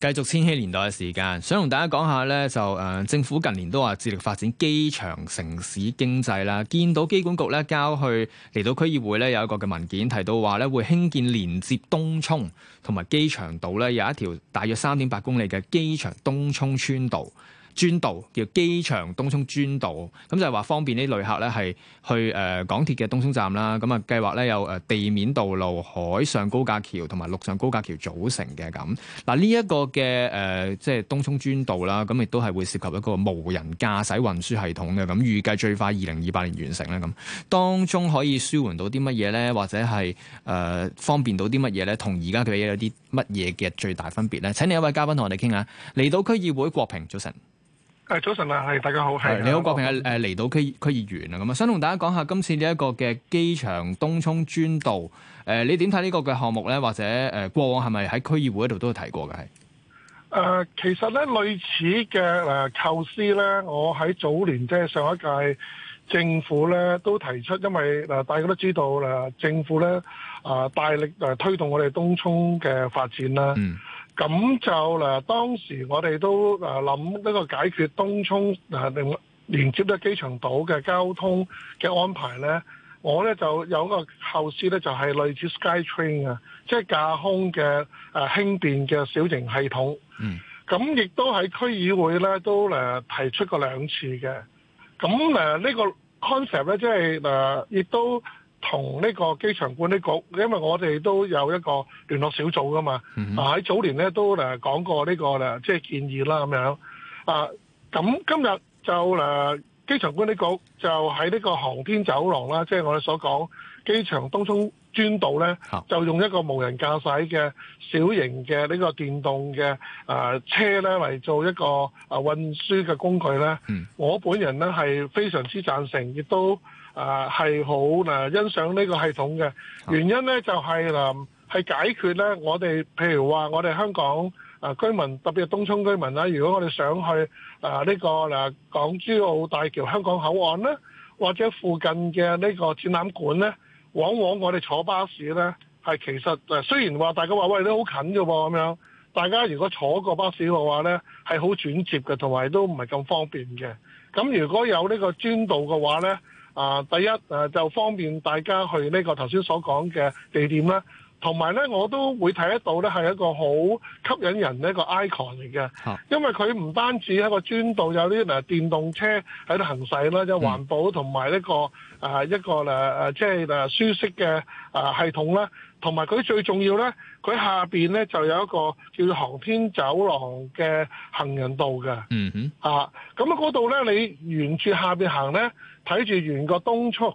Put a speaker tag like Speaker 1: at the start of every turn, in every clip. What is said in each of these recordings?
Speaker 1: 繼續千禧年代嘅時間，想同大家講下咧，就誒、嗯、政府近年都話致力發展機場城市經濟啦。見到機管局咧交去離島區議會咧有一個嘅文件，提到話咧會興建連接東涌同埋機場島咧有一條大約三點八公里嘅機場東涌專道。專道叫機場東涌專道，咁就係話方便啲旅客咧，係去港鐵嘅東涌站啦。咁啊，計劃咧有地面道路、海上高架橋同埋陸上高架橋組成嘅咁嗱。呢一個嘅誒，即、呃、係、就是、東涌專道啦，咁亦都係會涉及一個無人駕駛運輸系統嘅咁。預計最快二零二八年完成咧咁。當中可以舒緩到啲乜嘢咧，或者係、呃、方便到啲乜嘢咧？同而家嘅有啲乜嘢嘅最大分別咧？請另一位嘉賓同我哋傾下。離島區議會郭平早晨。
Speaker 2: 誒，早晨啊，係大家好，係你好，郭
Speaker 1: 平啊，誒，離島區區議員啊，咁啊，想同大家講下今次呢一個嘅機場東涌專道，誒、呃，你點睇呢個嘅項目咧？或者誒、呃，過往係咪喺區議會嗰度都有提過嘅？係、
Speaker 2: 呃、誒，其實咧類似嘅誒、呃、構思咧，我喺早年即係上一屆政府咧都提出，因為嗱、呃、大家都知道嗱、呃，政府咧啊、呃、大力誒推動我哋東涌嘅發展啦。嗯咁就嗱，當時我哋都諗呢個解決東涌連接咧機場島嘅交通嘅安排咧，我咧就有個構思，咧就係類似 SkyTrain 啊，即係架空嘅誒輕便嘅小型系統。嗯。咁亦都喺區議會咧都提出過兩次嘅。咁呢個 concept 咧即係亦都。同呢個機場管理局，因為我哋都有一個聯絡小組噶嘛，mm -hmm. 啊喺早年咧都誒講過呢、呢個即係、即係、建議啦咁樣啊，咁今日就誒機場管理局就喺呢個航天走廊啦，即、即、係、係、我哋所講機場東涌專道咧，oh. 就用一個無人駕駛嘅小型嘅呢個電動嘅誒、呃、車咧嚟做一個誒運輸嘅工具咧。Mm -hmm. 我本人咧係非常之贊成，亦都。啊，係好嗱，欣賞呢個系統嘅原因咧、就係，就係嗱，係解決咧我哋，譬如話我哋香港啊居民，特別東涌居民啦，如果我哋想去啊呢個港珠澳大橋香港口岸咧，或者附近嘅呢個展覽館咧，往往我哋坐巴士咧，係其實誒雖然話大家話喂你好近嘅喎」咁樣，大家如果坐過巴士嘅話咧，係好轉接嘅，同埋都唔係咁方便嘅。咁如果有個專呢個專道嘅話咧？啊，第一啊就方便大家去呢個頭先所講嘅地點啦，同埋咧我都會睇得到咧係一個好吸引人嘅一個 icon 嚟嘅，因為佢唔單止一個專道有啲誒電動車喺度行駛啦，有環保同埋呢個誒一個誒誒即係舒適嘅系統啦。同埋佢最重要咧，佢下邊咧就有一個叫航天走廊嘅行人道嘅。嗯、mm、哼 -hmm. 啊呃就是，啊，咁啊嗰度咧，你沿住下邊行咧，睇住沿個東速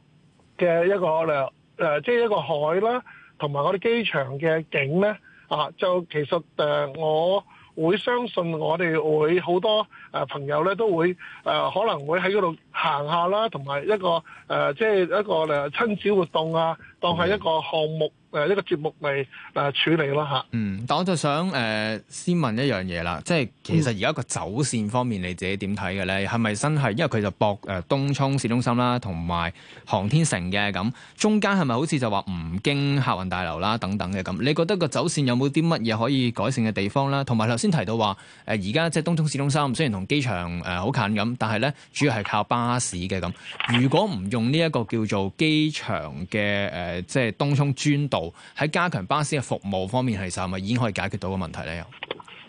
Speaker 2: 嘅一個誒即係一個海啦，同埋我哋機場嘅景咧，啊，就其實誒、呃、我會相信我哋會好多誒、呃、朋友咧都會誒、呃、可能會喺嗰度行下啦，同、啊、埋一個誒即係一個誒親、呃、子活動啊，當係一個項目。Mm -hmm. 誒呢個節目咪誒處理咯吓。
Speaker 1: 嗯，但我就想誒、呃、先問一樣嘢啦，即係其實而家個走線方面你自己點睇嘅咧？係咪真係因為佢就駁誒、呃、東涌市中心啦，同埋航天城嘅咁，中間係咪好似就話唔經客運大樓啦等等嘅咁？你覺得個走線有冇啲乜嘢可以改善嘅地方啦？同埋頭先提到話誒而家即係東涌市中心雖然同機場誒好近咁，但係咧主要係靠巴士嘅咁。如果唔用呢一個叫做機場嘅誒、呃、即係東涌專道。喺加強巴士嘅服務方面係咪已經可以解決到嘅問題咧？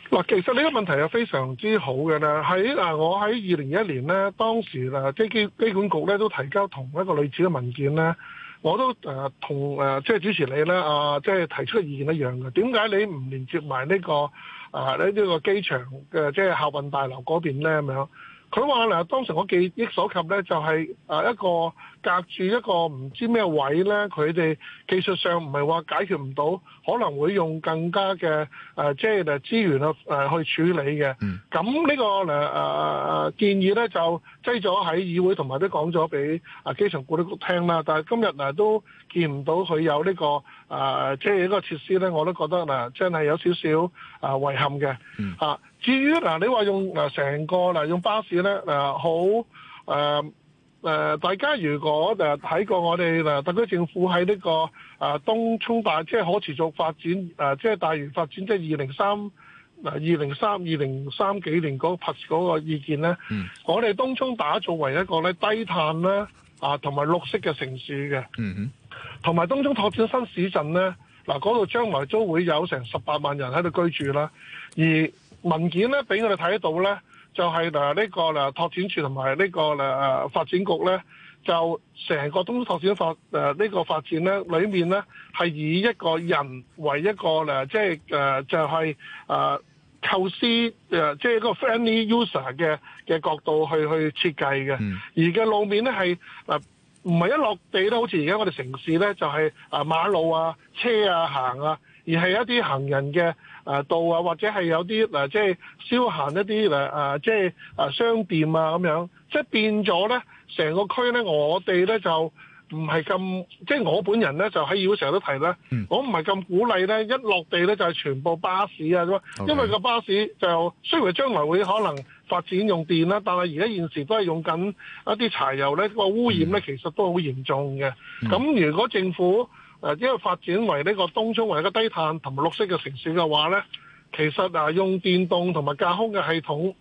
Speaker 2: 嗱，其實呢個問題係非常之好嘅啦。喺嗱，我喺二零一一年咧，當時嗱，機機機管局咧都提交同一個類似嘅文件咧，我都誒同誒即係主持你咧，啊，即係提出嘅意見一樣嘅。點解你唔連接埋呢個啊呢呢個機場嘅即係客運大樓嗰邊咧咁樣？佢話嗱，當時我記憶所及咧，就係啊一個隔住一個唔知咩位咧，佢哋技術上唔係話解決唔到，可能會用更加嘅誒，即係誒資源啊誒去處理嘅。咁呢個誒誒誒建議咧，就擠咗喺議會，同埋都講咗俾啊機場管理局聽啦。但係今日嗱都見唔到佢有呢個啊，即係一個設施咧，我都覺得嗱，真係有少少啊遺憾嘅。至於嗱，你話用嗱成個嗱用巴士咧，嗱好誒誒、呃，大家如果誒睇過我哋嗱特區政府喺呢個誒東涌大即係可持續發展誒，即係大園發展即係二零三嗱二零三二零三幾年嗰 pass 嗰個意見咧，mm -hmm. 我哋東涌打造為一個咧低碳啦啊同埋綠色嘅城市嘅，嗯哼，同埋東涌拓展新市鎮咧，嗱嗰度將來都會有成十八萬人喺度居住啦，而文件咧俾我哋睇到咧，就係、是、呢、這個、啊、拓展處同埋呢個嗱、啊、發展局咧，就成個東都拓展發呢、啊這個發展咧，裏面咧係以一個人為一個咧，即係誒就係、是、誒、啊、構思即係、啊就是、個 friendly user 嘅嘅角度去去設計嘅。Mm. 而嘅路面咧係唔係一落地咧，好似而家我哋城市咧就係、是、啊馬路啊車啊行啊，而係一啲行人嘅。啊，道啊，或者係有啲即係消閒一啲嗱、啊，即係啊，啊即商店啊咁樣，即係變咗咧，成個區咧，我哋咧就唔係咁，即係我本人咧就喺議會成日都提咧、嗯，我唔係咁鼓勵咧，一落地咧就係、是、全部巴士啊咁，Okay. 因為個巴士就雖然將來會可能發展用電啦，但係而家現時都係用緊一啲柴油咧，個污染咧、嗯、其實都好嚴重嘅。咁、嗯、如果政府，誒，因為發展為呢個東涌為一個低碳同埋綠色嘅城市嘅話呢，其實啊，用電動同埋架空嘅系統，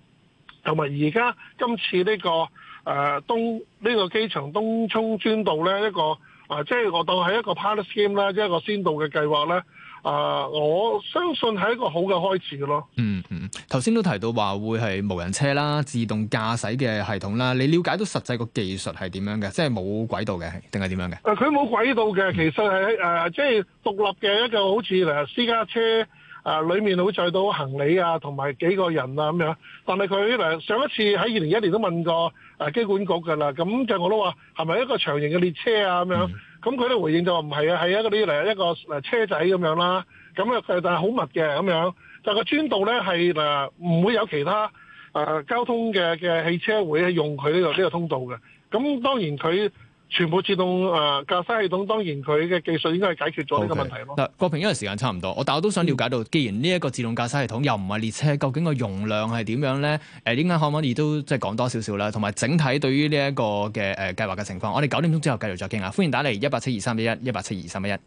Speaker 2: 同埋而家今次呢、呢個誒、啊、東呢、呢個機場東涌專道呢，一個啊，即係我當係一個 pilot scheme 啦，即係一個先導嘅計劃呢。啊、呃！我相信係一個好嘅開始嘅咯。嗯嗯，
Speaker 1: 頭先都提到話會係無人車啦、自動駕駛嘅系統啦。你了解到實際個技術係點樣嘅？即係冇軌道嘅，定係點樣嘅？
Speaker 2: 誒，佢冇軌道嘅、嗯，其實係誒，即、呃、係、就是、獨立嘅一個好似誒私家車啊，裏、呃、面好載到行李啊，同埋幾個人啊咁樣。但係佢誒上一次喺二零一年都問過誒、呃、機管局㗎啦。咁就我都話係咪一個長型嘅列車啊咁樣、嗯咁佢咧回應就話唔係啊，係一個啲嚟一個，一個車仔咁樣啦，咁啊但就係好密嘅咁樣，就個專道咧係嗱唔會有其他誒、呃、交通嘅嘅汽車會用佢呢、呢個呢、呢個通道嘅，咁當然佢。全部自動誒駕駛系統，當然佢嘅技術應該係解決咗呢個問題
Speaker 1: 咯。嗱、okay，郭平因為時間差唔多，我但係我都想了解到，既然呢一個自動駕駛系統又唔係列車，究竟個容量係點樣咧？誒，點解可唔可以都即係講多少少啦？同埋整體對於呢一個嘅誒計劃嘅情況，我哋九點鐘之後繼續再傾下。歡迎打嚟一八七二三一一一八七二三一一。172 31, 172 31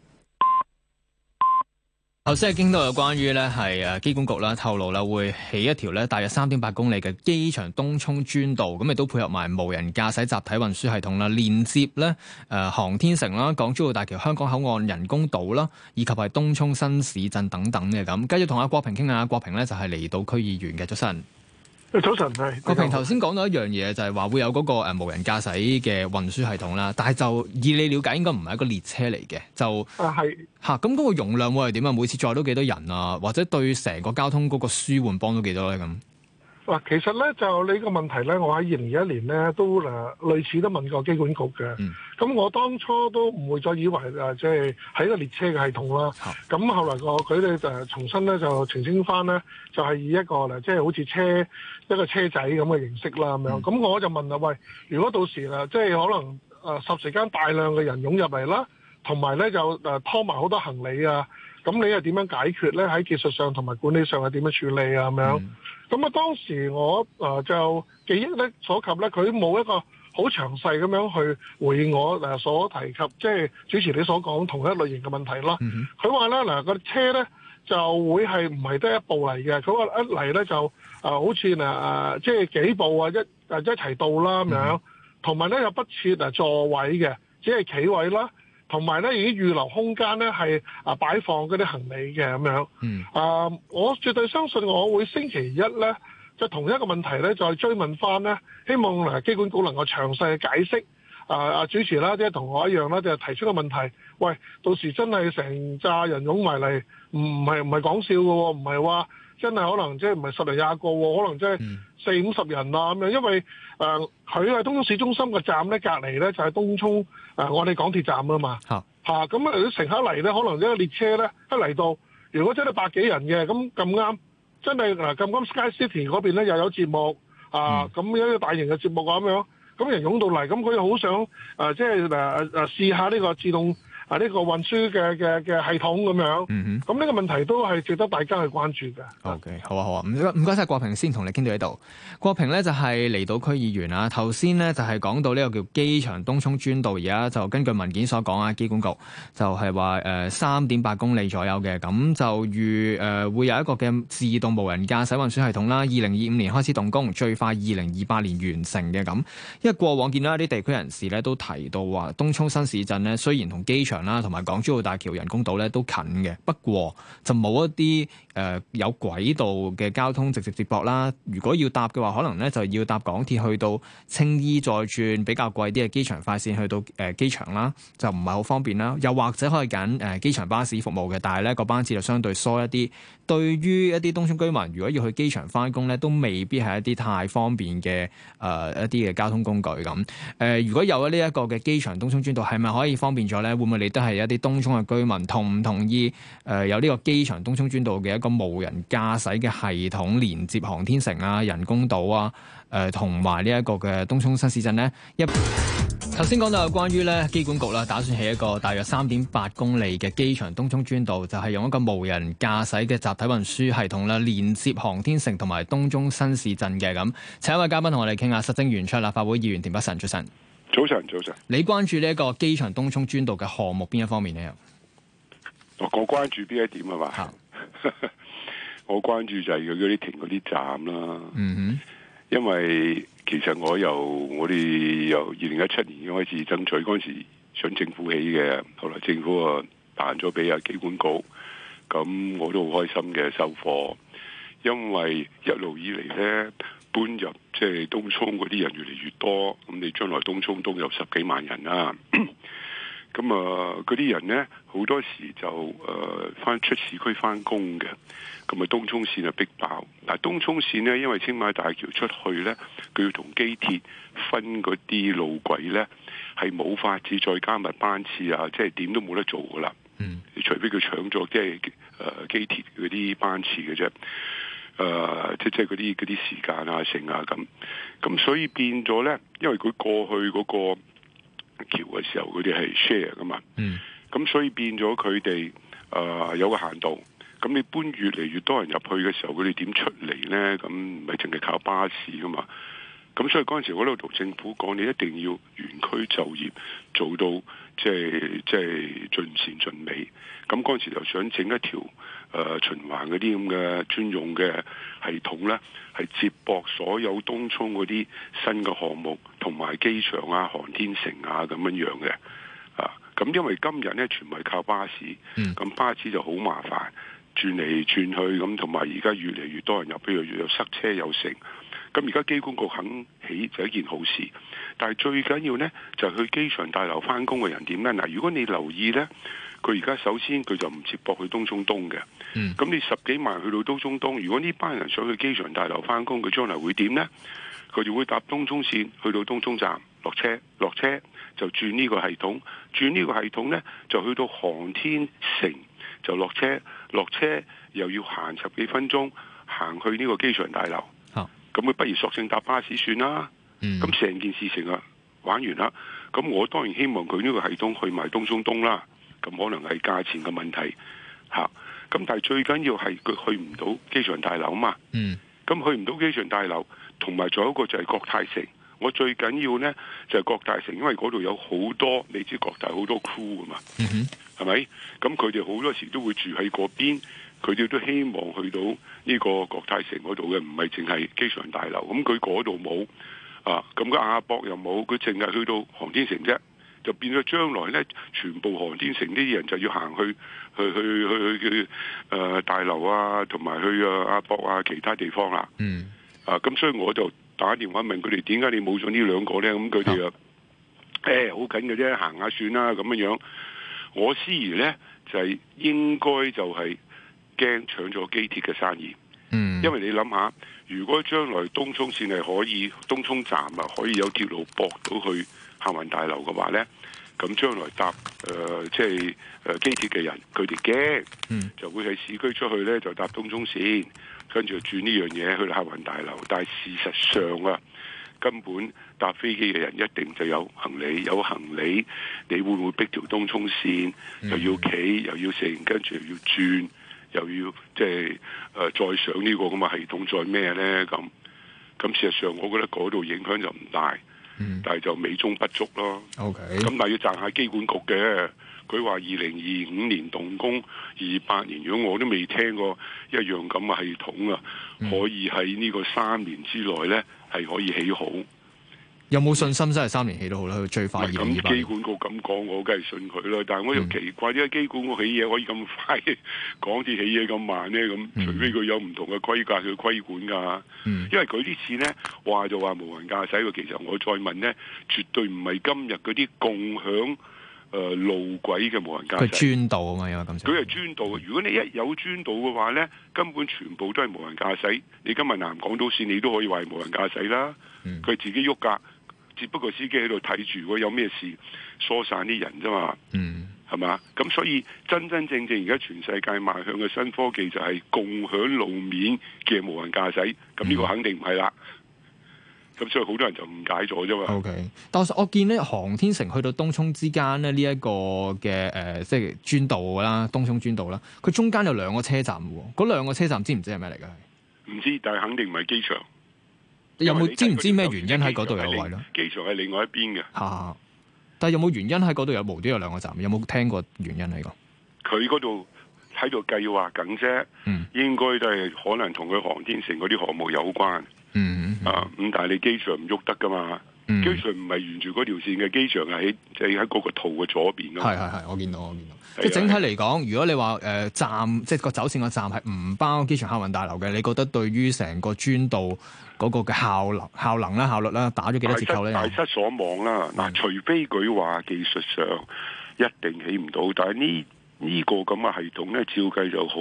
Speaker 1: 頭先喺京都有關於咧係誒機管局啦，透露啦會起一條咧大約三點八公里嘅機場東涌專道，咁亦都配合埋無人駕駛集體運輸系統啦，連接咧誒航天城啦、港珠澳大橋香港口岸人工島啦，以及係東涌新市鎮等等嘅咁。繼續同阿郭平傾啊，郭平咧就係離島區議員嘅出身。
Speaker 2: 早晨，郭平，頭
Speaker 1: 先講到一樣嘢，就係、是、話會有嗰個誒無人駕駛嘅運輸系統啦。但係就以你了解，應該唔係一個列車嚟嘅，就係吓咁嗰個容量會係點啊？每次載到幾多人啊？或者對成個交通嗰個舒緩幫到幾多咧咁？
Speaker 2: 嗱，其實咧就呢個問題咧，我喺二零二一年咧都咧、呃、類似都問過機管局嘅。咁、嗯、我當初都唔會再以為即係喺個列車嘅系統啦。咁、啊、後來個佢哋就重新咧就澄清翻咧，就係、就係、以一個咧即係好似車一個車仔咁嘅形式啦咁樣咁、嗯、我就問啦，喂，如果到時啊、呃，即係可能啊、呃、霎時間大量嘅人湧入嚟啦，同埋咧就、呃、拖埋好多行李啊。咁你又點樣解決咧？喺技術上同埋管理上係點樣處理啊？咁樣咁啊！當時我誒、呃、就記憶呢，所及咧，佢冇一個好詳細咁樣去回應我所提及，即係主持你所講同一類型嘅問題啦。佢話咧嗱個車咧就會係唔係得一部嚟嘅？佢話一嚟咧就誒、呃、好似嗱、呃、即係幾部啊一一齊到啦咁樣，同埋咧又不設誒座位嘅，只係企位啦。同埋咧，經預留空間咧係啊擺放嗰啲行李嘅咁樣。嗯啊、呃，我絕對相信，我會星期一咧，就同一個問題咧，再追問翻咧，希望嗱，機管局能夠詳細嘅解釋。啊、呃、啊，主持啦，即係同我一樣啦，就提出個問題。喂，到時真係成扎人湧埋嚟，唔係唔係講笑嘅喎，唔係話。真係可能即係唔係十零廿個喎，可能即係四五十人啦咁樣，因為誒佢喺東涌市中心嘅站咧，隔離咧就係東涌誒、呃、我哋港鐵站啊嘛，嚇咁啊，啊乘客嚟咧，可能呢個列車咧一嚟到，如果真係百幾人嘅咁咁啱，真係嗱咁、啊、啱 SkyCity 嗰邊咧又有，有節目啊，咁、嗯嗯、一個大型嘅節目咁樣，咁人湧到嚟，咁佢好想誒即係誒試下呢個自動。啊！呢、這個運輸嘅嘅嘅系統咁樣，咁、嗯、呢、這個問題都係值得大家去關注
Speaker 1: 嘅。O、okay, K，好啊好啊，唔唔該晒。郭平先同你傾到這裏，郭呢度。郭平咧就係離島區議員啊。頭先咧就係、是、講到呢個叫機場東涌專道，而家就根據文件所講啊，機管局就係話誒三點八公里左右嘅，咁就預誒、呃、會有一個嘅自動無人駕駛運輸系統啦。二零二五年開始動工，最快二零二八年完成嘅咁。因為過往見到一啲地區人士咧都提到話東涌新市鎮咧雖然同機場啦，同埋港珠澳大橋人工島咧都近嘅，不過就冇一啲誒、呃、有軌道嘅交通直接接駁啦。如果要搭嘅話，可能咧就要搭港鐵去到青衣再轉，再轉比較貴啲嘅機場快線去到誒、呃、機場啦，就唔係好方便啦。又或者可以揀誒機場巴士服務嘅，但係咧個班次就相對疏一啲。對於一啲東涌居民，如果要去機場返工咧，都未必係一啲太方便嘅誒、呃、一啲嘅交通工具咁。誒、呃，如果有咗呢一個嘅機場東涌專道，係咪可以方便咗咧？會唔會你？亦都係一啲東涌嘅居民同唔同意。誒、呃，有呢個機場東涌專道嘅一個無人駕駛嘅系統連接航天城啊、人工島啊，誒、呃，同埋呢一個嘅東涌新市鎮呢。一頭先講到有關於咧機管局啦，打算起一個大約三點八公里嘅機場東涌專道，就係、是、用一個無人駕駛嘅集體運輸系統啦，連接航天城同埋東涌新市鎮嘅咁。請一位嘉賓同我哋傾下，實政圓桌立法會議員田北辰早晨。
Speaker 3: 早晨，早晨。
Speaker 1: 你關注呢一個機場東涌專道嘅項目邊一方面呢？
Speaker 3: 我關注邊一點啊？嘛， 我關注就係嗰啲停嗰啲站啦。嗯哼，因為其實我由我哋由二零一七年開始爭取嗰陣時，想政府起嘅，後來政府啊辦咗俾啊機管局，咁我都好開心嘅收貨，因為一路以嚟咧。搬入即係、就是、東涌嗰啲人越嚟越多，咁你將來東涌都有十幾萬人啦。咁啊，嗰啲、 啊、人咧好多時就誒翻、呃、出市區翻工嘅，咁啊東涌綫啊逼爆。嗱、啊，東涌綫咧因為青馬大橋出去咧，佢要同機鐵分嗰啲路軌咧，係冇法子再加密班次啊，即係點都冇得做噶啦。嗯，除非佢搶咗即係誒機鐵啲班次嘅啫。誒、呃，即即嗰啲嗰啲時間啊、剩啊咁，咁所以變咗咧，因為佢過去嗰個橋嘅時候，佢哋係 share 噶嘛，咁、嗯、所以變咗佢哋誒有個限度。咁你搬越嚟越多人入去嘅時候，佢哋點出嚟咧？咁咪係淨係靠巴士噶嘛？咁所以嗰陣時我度同政府講，你一定要園區就業做到即係即係盡善盡美。咁嗰陣時就想整一條誒、呃、循環嗰啲咁嘅專用嘅系統咧，係接駁所有東涌嗰啲新嘅項目，同埋機場啊、航天城啊咁樣樣嘅啊。咁、啊、因為今日咧全係靠巴士，咁、mm. 巴士就好麻煩，轉嚟轉去咁，同埋而家越嚟越多人入，譬如又塞車又成。咁而家機管局肯起就一件好事，但係最緊要呢，就係去機場大樓翻工嘅人點呢？嗱，如果你留意呢，佢而家首先佢就唔接駁去東涌東嘅，咁你十幾萬去到東涌東，如果呢班人想去機場大樓翻工，佢將來會點呢？佢就會搭東涌線去到東涌站落車，落車就轉呢個系統，轉呢個系統呢，就去到航天城，就落車，落車又要行十幾分鐘，行去呢個機場大樓。咁佢不如索性搭巴士算啦。咁成件事情啊，玩完啦。咁我當然希望佢呢個系統去埋東涌東啦。咁可能係價錢嘅問題吓。咁但係最緊要係佢去唔到機場大樓啊嘛。咁去唔到機場大樓，同埋仲有，仲有一個就係國泰城。我最緊要呢就係、是、國泰城，因為嗰度有好多你知國泰好多 crew 啊嘛。係、嗯、咪？咁佢哋好多時都會住喺嗰邊。佢哋都希望去到呢個國泰城嗰度嘅，唔係淨係機場大樓。咁佢嗰度冇啊，咁個亞博又冇，佢淨係去到航天城啫，就變咗將來咧，全部航天城啲人就要行去去去去去誒、呃、大樓啊，同埋去啊亞博啊其他地方啦、啊。嗯，啊，咁所以我就打電話問佢哋點解你冇咗呢兩個咧？咁佢哋啊誒好緊嘅啫，行、欸、下算啦咁樣樣。我思疑咧就係、是、應該就係、是。驚搶咗機鐵嘅生意，嗯，因為你諗下，如果將來東涌綫係可以東涌站啊可以有鐵路駁到去客運大樓嘅話呢，咁將來搭誒即係誒機鐵嘅人，佢哋驚，就會喺市區出去呢，就搭東涌綫，跟住又轉呢樣嘢去客運大樓。但係事實上啊，根本搭飛機嘅人一定就有行李，有行李你會唔會逼條東涌綫，又要企又要乘，跟住又要轉？又要即係誒再上呢個咁嘅系統再咩咧咁咁，事實上我覺得嗰度影響就唔大，嗯、但係就美中不足咯。咁、okay. 但係要讚下機管局嘅，佢話二零二五年動工二八年，如果我都未聽過一樣咁嘅系統啊、嗯，可以喺呢個三年之內咧係可以起好。
Speaker 1: 有冇信心真係三年起到好啦？佢最快要幾多？咁機
Speaker 3: 管局咁講，我梗係信佢啦。但係我又奇怪，點解機管局起嘢可以咁快，講啲起嘢咁慢咧？咁除非佢有唔同嘅規格去規管㗎、嗯。因為佢啲錢咧話就話無人駕駛，佢其實我再問咧，絕對唔係今日嗰啲共享誒、呃、路軌嘅無人駕駛。佢專
Speaker 1: 道啊嘛，咁？佢
Speaker 3: 係專道。如果你一有專道嘅話咧，根本全部都係無人駕駛。你今日南港島線你都可以話係無人駕駛啦。佢、嗯、自己喐㗎。只不過司機喺度睇住，如果有咩事疏散啲人啫嘛，係、嗯、嘛？咁所以真真正正而家全世界邁向嘅新科技就係共享路面嘅無人駕駛，咁呢個肯定唔係啦。咁、嗯、所以好多人就誤解咗啫嘛。O K，
Speaker 1: 但我見呢，航天城去到東涌之間呢，呢一個嘅誒，即係專道啦，東涌專道啦，佢中間有兩個車站喎，嗰兩個車站知唔知係咩嚟噶？
Speaker 3: 唔知，但係肯定唔係機場。有冇知唔知咩原因喺嗰度有壞咯？機場係另外一邊嘅，
Speaker 1: 吓、啊。但係有冇原因喺嗰度有無端有兩個站？有冇聽過原因喺個？
Speaker 3: 佢嗰度喺度計劃緊啫，嗯，應該都係可能同佢航天城嗰啲項目有關，嗯，嗯，嗯啊。咁但係你機場唔喐得㗎嘛？嗯、機場唔係沿住嗰條線嘅，機場喺，即喺嗰個圖嘅左邊咯。係係係，我見到我見到。即係整
Speaker 1: 體嚟講，如果你話誒、呃、站，即係個走線個站係唔包機場客運大樓嘅，你覺得對於成個專道嗰個嘅效能、效能啦、效率啦，打咗幾多折扣咧？大
Speaker 3: 失所望啦！嗱、嗯，除非佢話技術上一定起唔到，但係呢呢個咁嘅系統咧，照計就好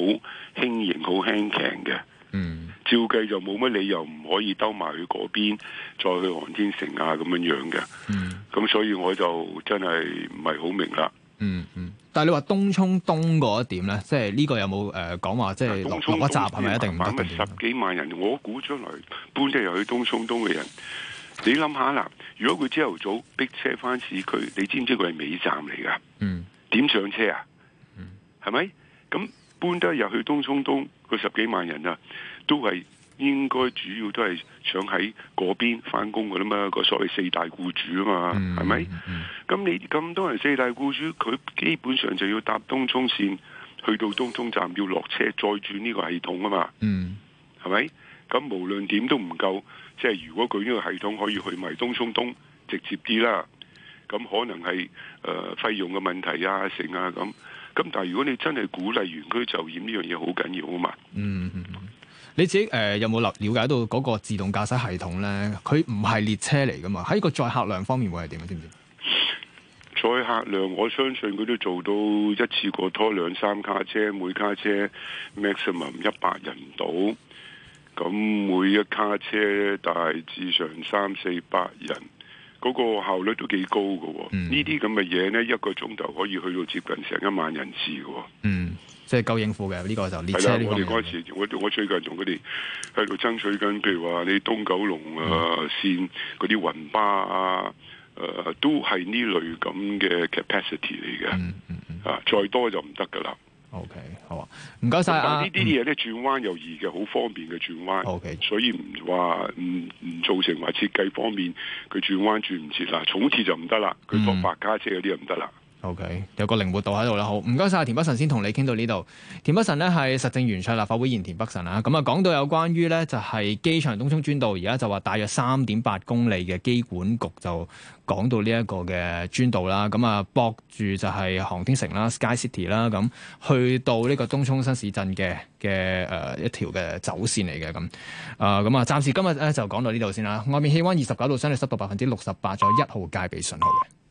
Speaker 3: 輕盈、好輕輕嘅。嗯。照計就冇乜理由唔可以兜埋去嗰邊，再去航天城啊咁樣樣嘅。咁、嗯、所以我就真係唔係好明啦。嗯
Speaker 1: 嗯。但係你話東涌東嗰一點咧，即係呢個有冇誒講話即係、就是、落落一集係咪一定唔得東涌東、嗯
Speaker 3: 嗯嗯、十幾萬人，我估出嚟搬得入去東涌東嘅人，你諗下啦。如果佢朝頭早逼車翻市區，你知唔知佢係尾站嚟噶？嗯。點上車啊？嗯。係咪？咁搬得入去東涌東個十幾萬人啊？都係應該主要都係想喺嗰邊翻工噶啦嘛，個所謂四大僱主啊嘛，Mm-hmm. 係咪？咁你咁多人四大僱主，佢基本上就要搭東涌綫去到東涌站要下，要落車再轉呢個系統啊嘛，Mm-hmm. 係咪？咁無論點都唔夠，即係如果佢呢個系統可以去埋東涌東直接啲啦，咁可能係誒費用嘅問題啊、成啊咁，咁但係如果你真係鼓勵園區就業呢樣嘢好緊要啊嘛。
Speaker 1: Mm-hmm. 你自己有冇留了解到嗰個自動駕駛系統呢？佢唔係列車嚟㗎嘛？喺個載客量方面會係點，知唔知？
Speaker 3: 載客量我相信佢都做到一次過拖兩三卡車，每卡車 maximum 一百人到，咁每一卡車大致上三四百人。嗰、那個效率都幾高㗎喎。哦，呢啲咁嘅嘢咧一個鐘頭可以去到接近成一萬人次㗎喎，嗯，即係夠
Speaker 1: 應付嘅呢，呢個就列車呢方面。係啦，我
Speaker 3: 哋嗰時我我最近同佢哋喺度爭取緊，譬如話你東九龍啊線嗰啲雲巴啊，呃、都係呢類咁嘅 capacity 嚟嘅，啊、嗯嗯嗯，再多就唔得㗎啦。OK，好啊，唔該晒。呢啲嘢咧轉彎又易嘅，好方便嘅轉彎。OK，所以唔話唔唔造成話設計方面佢轉彎轉唔切啦，重鐵就唔得啦，佢放白卡車嗰啲又唔得啦。
Speaker 1: OK，有個靈活度喺度啦。好，唔該晒，田北辰，先同你傾到呢度。田北辰呢係實政圓桌立法會議員田北辰啊。咁啊，講到有關於呢就係機場東涌專道，而家就話大約三點八公里嘅機管局就講到呢一個嘅專道啦。咁啊，駁住就係航天城啦，Sky City 啦，咁去到呢個東涌新市鎮嘅嘅誒一條嘅走線嚟嘅咁。啊，咁啊，暫時今日咧就講到呢度先啦。外面氣温二十九度，相對濕度百分之六十八，仲有一號戒備信號嘅。